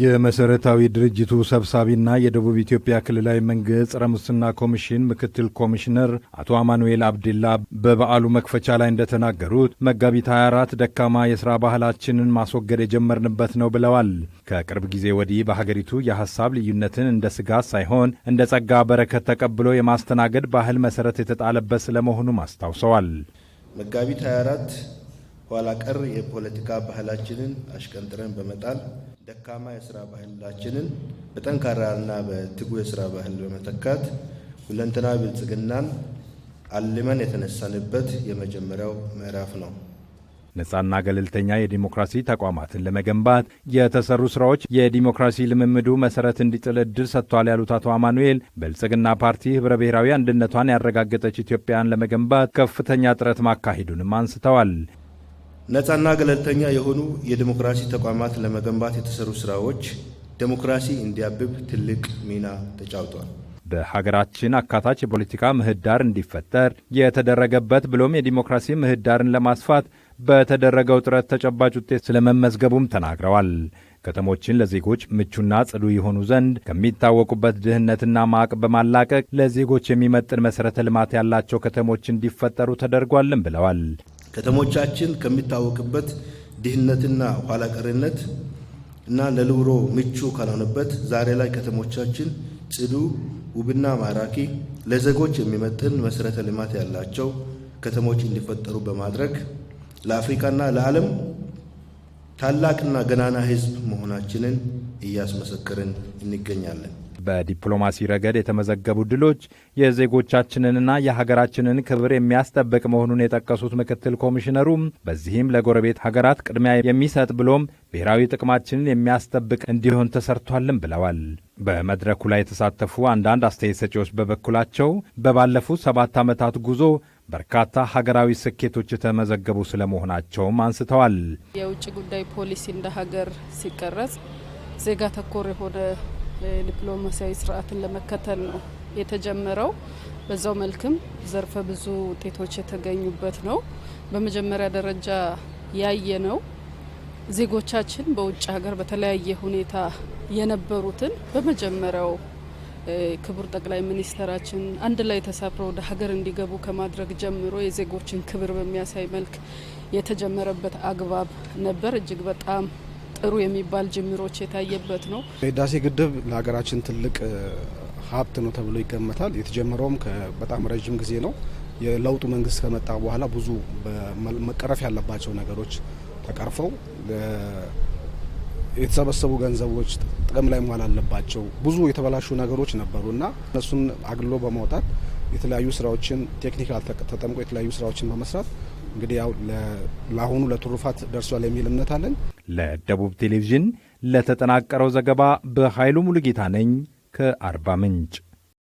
የመሰረታዊ ድርጅቱ ሰብሳቢና የደቡብ ኢትዮጵያ ክልላዊ መንግስት ጸረ ሙስና ኮሚሽን ምክትል ኮሚሽነር አቶ አማኑኤል አብድላ በበዓሉ መክፈቻ ላይ እንደተናገሩት መጋቢት 24 ደካማ የስራ ባህላችንን ማስወገድ የጀመርንበት ነው ብለዋል። ከቅርብ ጊዜ ወዲህ በሀገሪቱ የሀሳብ ልዩነትን እንደ ስጋት ሳይሆን እንደ ጸጋ በረከት ተቀብሎ የማስተናገድ ባህል መሰረት የተጣለበት ስለመሆኑም አስታውሰዋል። መጋቢት 24 ኋላ ቀር የፖለቲካ ባህላችንን አሽቀንጥረን በመጣል ደካማ የስራ ባህላችንን በጠንካራና በትጉ የስራ ባህል በመተካት ሁለንትና ብልጽግናን አልመን የተነሳንበት የመጀመሪያው ምዕራፍ ነው። ነጻና ገለልተኛ የዲሞክራሲ ተቋማትን ለመገንባት የተሰሩ ስራዎች የዲሞክራሲ ልምምዱ መሰረት እንዲጥል እድል ሰጥቷል ያሉት አቶ አማኑኤል ብልጽግና ፓርቲ ህብረ ብሔራዊ አንድነቷን ያረጋገጠች ኢትዮጵያን ለመገንባት ከፍተኛ ጥረት ማካሄዱንም አንስተዋል። ነፃና ገለልተኛ የሆኑ የዲሞክራሲ ተቋማት ለመገንባት የተሰሩ ስራዎች ዲሞክራሲ እንዲያብብ ትልቅ ሚና ተጫውቷል። በሀገራችን አካታች የፖለቲካ ምህዳር እንዲፈጠር የተደረገበት ብሎም የዲሞክራሲ ምህዳርን ለማስፋት በተደረገው ጥረት ተጨባጭ ውጤት ስለመመዝገቡም ተናግረዋል። ከተሞችን ለዜጎች ምቹና ጽዱ የሆኑ ዘንድ ከሚታወቁበት ድህነትና ማቅ በማላቀቅ ለዜጎች የሚመጥን መሠረተ ልማት ያላቸው ከተሞች እንዲፈጠሩ ተደርጓልም ብለዋል። ከተሞቻችን ከሚታወቅበት ድህነትና ኋላቀርነት እና ለኑሮ ምቹ ካልሆነበት ዛሬ ላይ ከተሞቻችን ጽዱ፣ ውብና ማራኪ ለዜጎች የሚመጥን መሰረተ ልማት ያላቸው ከተሞች እንዲፈጠሩ በማድረግ ለአፍሪካና ለዓለም ታላቅና ገናና ሕዝብ መሆናችንን እያስመሰከርን እንገኛለን። በዲፕሎማሲ ረገድ የተመዘገቡ ድሎች የዜጎቻችንንና የሀገራችንን ክብር የሚያስጠብቅ መሆኑን የጠቀሱት ምክትል ኮሚሽነሩም በዚህም ለጎረቤት ሀገራት ቅድሚያ የሚሰጥ ብሎም ብሔራዊ ጥቅማችንን የሚያስጠብቅ እንዲሆን ተሰርቷልም ብለዋል። በመድረኩ ላይ የተሳተፉ አንዳንድ አስተያየት ሰጪዎች በበኩላቸው በባለፉት ሰባት ዓመታት ጉዞ በርካታ ሀገራዊ ስኬቶች የተመዘገቡ ስለመሆናቸውም አንስተዋል። የውጭ ጉዳይ ፖሊሲ እንደ ሀገር ሲቀረጽ ዜጋ ተኮር የሆነ ዲፕሎማሲያዊ ስርዓትን ለመከተል ነው የተጀመረው። በዛው መልክም ዘርፈ ብዙ ውጤቶች የተገኙበት ነው። በመጀመሪያ ደረጃ ያየ ነው ዜጎቻችን በውጭ ሀገር በተለያየ ሁኔታ የነበሩትን በመጀመሪያው ክቡር ጠቅላይ ሚኒስተራችን አንድ ላይ ተሳፍረው ወደ ሀገር እንዲገቡ ከማድረግ ጀምሮ የዜጎችን ክብር በሚያሳይ መልክ የተጀመረበት አግባብ ነበር። እጅግ በጣም ጥሩ የሚባል ጅምሮች የታየበት ነው። የህዳሴ ግድብ ለሀገራችን ትልቅ ሀብት ነው ተብሎ ይገመታል። የተጀመረውም በጣም ረዥም ጊዜ ነው። የለውጡ መንግስት ከመጣ በኋላ ብዙ መቀረፍ ያለባቸው ነገሮች ተቀርፈው የተሰበሰቡ ገንዘቦች ጥቅም ላይ መዋል አለባቸው። ብዙ የተበላሹ ነገሮች ነበሩ እና እነሱን አግሎ በማውጣት የተለያዩ ስራዎችን ቴክኒካል ተጠምቆ የተለያዩ ስራዎችን በመስራት እንግዲህ ያው ለአሁኑ ለትሩፋት ደርሷል የሚል እምነት አለን። ለደቡብ ቴሌቪዥን ለተጠናቀረው ዘገባ በኃይሉ ሙሉጌታ ነኝ ከአርባ ምንጭ